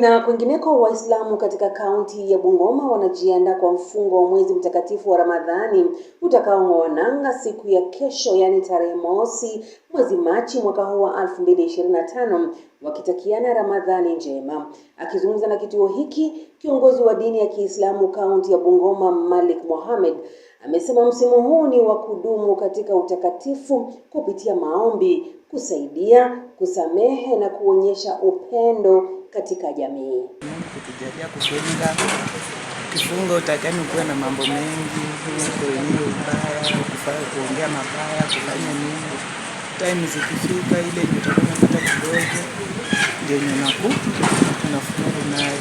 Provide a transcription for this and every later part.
Na kwingineko, Waislamu katika kaunti ya Bungoma wanajiandaa kwa mfungo wa mwezi mtakatifu wa Ramadhani utakaong'oa nanga siku ya kesho, yaani tarehe mosi mwezi Machi mwaka huu wa 2025 wakitakiana Ramadhani njema. Akizungumza na kituo hiki, kiongozi wa dini ya Kiislamu kaunti ya Bungoma, Malik Mohamed, amesema msimu huu ni wa kudumu katika utakatifu kupitia maombi, kusaidia, kusamehe na kuonyesha upendo katika jamii. Kutujalia kufunga kifunga, utakani kuwa na mambo mengi, kuenea ubaya, kufanya kuongea mabaya, kufanya nini. Time zikifika ile itakuta kidogo ndio nyenaku unafunga nayo,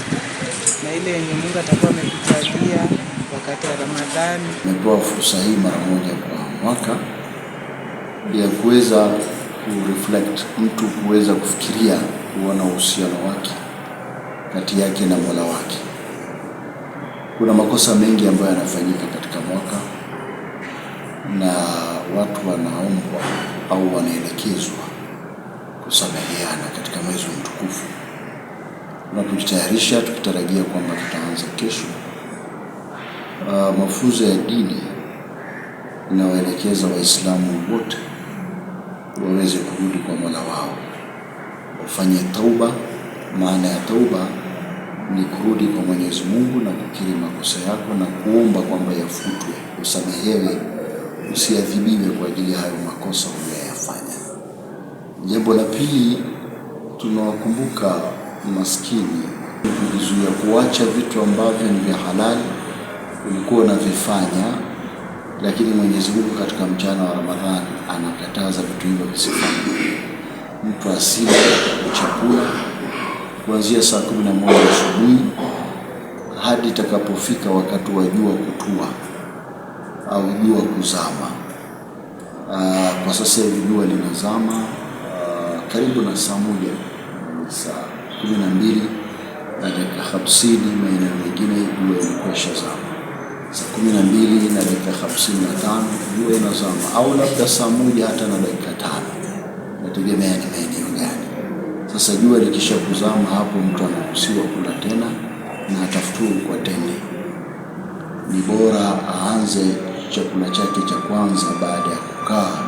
na ile yenye Mungu atakuwa amekujalia wakati wa Ramadhani. Nimepewa fursa hii mara moja kwa mwaka ya kuweza kureflect mtu kuweza kufikiria kuwa na uhusiano wake kati yake na Mola wake. Kuna makosa mengi ambayo yanafanyika katika mwaka na watu wanaombwa au wanaelekezwa kusameheana katika mwezi mtukufu, na tukitarajia kwamba tutaanza kesho uh, mafunzo ya dini inawaelekeza Waislamu wote waweze kurudi kwa Mola wao ufanye tauba. Maana ya tauba ni kurudi kwa Mwenyezi Mungu na kukiri makosa yako na kuomba kwamba yafutwe, usamehewe, usiadhibiwe kwa ajili ya hayo makosa uliyoyafanya. Jambo la pili, tunawakumbuka maskini, kujizuia kuacha vitu ambavyo ni vya halali ulikuwa unavifanya, lakini Mwenyezi Mungu katika mchana wa Ramadhani anakataza vitu hivyo visifanyike mtu asile chakula kuanzia saa kumi na moja asubuhi hadi itakapofika wakati wa jua kutua au jua kuzama. Aa, ah, kwa sasa hivi jua linazama ah, karibu na saa moja saa kumi na mbili na dakika hamsini. Maeneo mengine jua imekwisha zama saa kumi na mbili na dakika hamsini na tano jua inazama, au labda saa moja hata na dakika tano inategemea ni eneo gani. Sasa jua likishakuzama, hapo mtu anaruhusiwa kula tena na atafuturu kwa tende. Ni bora aanze chakula chake cha kwanza baada ya kukaa